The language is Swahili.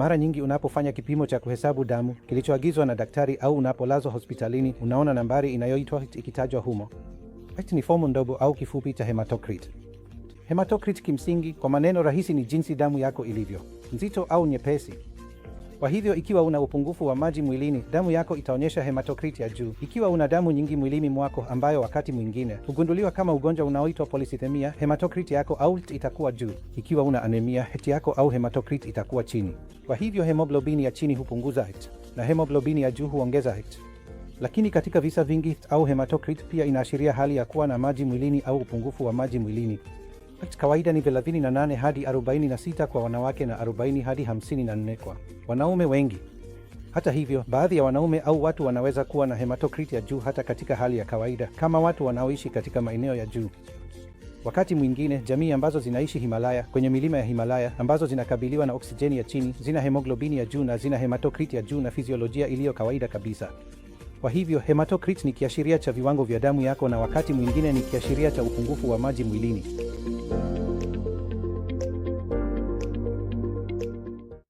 Mara nyingi unapofanya kipimo cha kuhesabu damu kilichoagizwa na daktari au unapolazwa hospitalini, unaona nambari inayoitwa ikitajwa humo. HEAT ni fomu ndogo au kifupi cha hematocrit. Hematocrit kimsingi, kwa maneno rahisi, ni jinsi damu yako ilivyo nzito au nyepesi. Kwa hivyo ikiwa una upungufu wa maji mwilini, damu yako itaonyesha hematokrit ya juu. Ikiwa una damu nyingi mwilini mwako, ambayo wakati mwingine hugunduliwa kama ugonjwa unaoitwa polisithemia, hematokrit yako au itakuwa juu. Ikiwa una anemia, heti yako au hematokrit itakuwa chini. Kwa hivyo hemoglobini ya chini hupunguza het na hemoglobini ya juu huongeza het. Lakini katika visa vingi, au hematokrit pia inaashiria hali ya kuwa na maji mwilini au upungufu wa maji mwilini. Kawaida ni 38 hadi 46 kwa wanawake na 40 hadi 54 kwa wanaume wengi. Hata hivyo, baadhi ya wanaume au watu wanaweza kuwa na hematokriti ya juu hata katika hali ya kawaida, kama watu wanaoishi katika maeneo ya juu. Wakati mwingine jamii ambazo zinaishi Himalaya, kwenye milima ya Himalaya, ambazo zinakabiliwa na oksijeni ya chini, zina hemoglobini ya juu na zina hematokriti ya juu na fiziolojia iliyo kawaida kabisa. Kwa hivyo hematokrit ni kiashiria cha viwango vya damu yako na wakati mwingine ni kiashiria cha upungufu wa maji mwilini.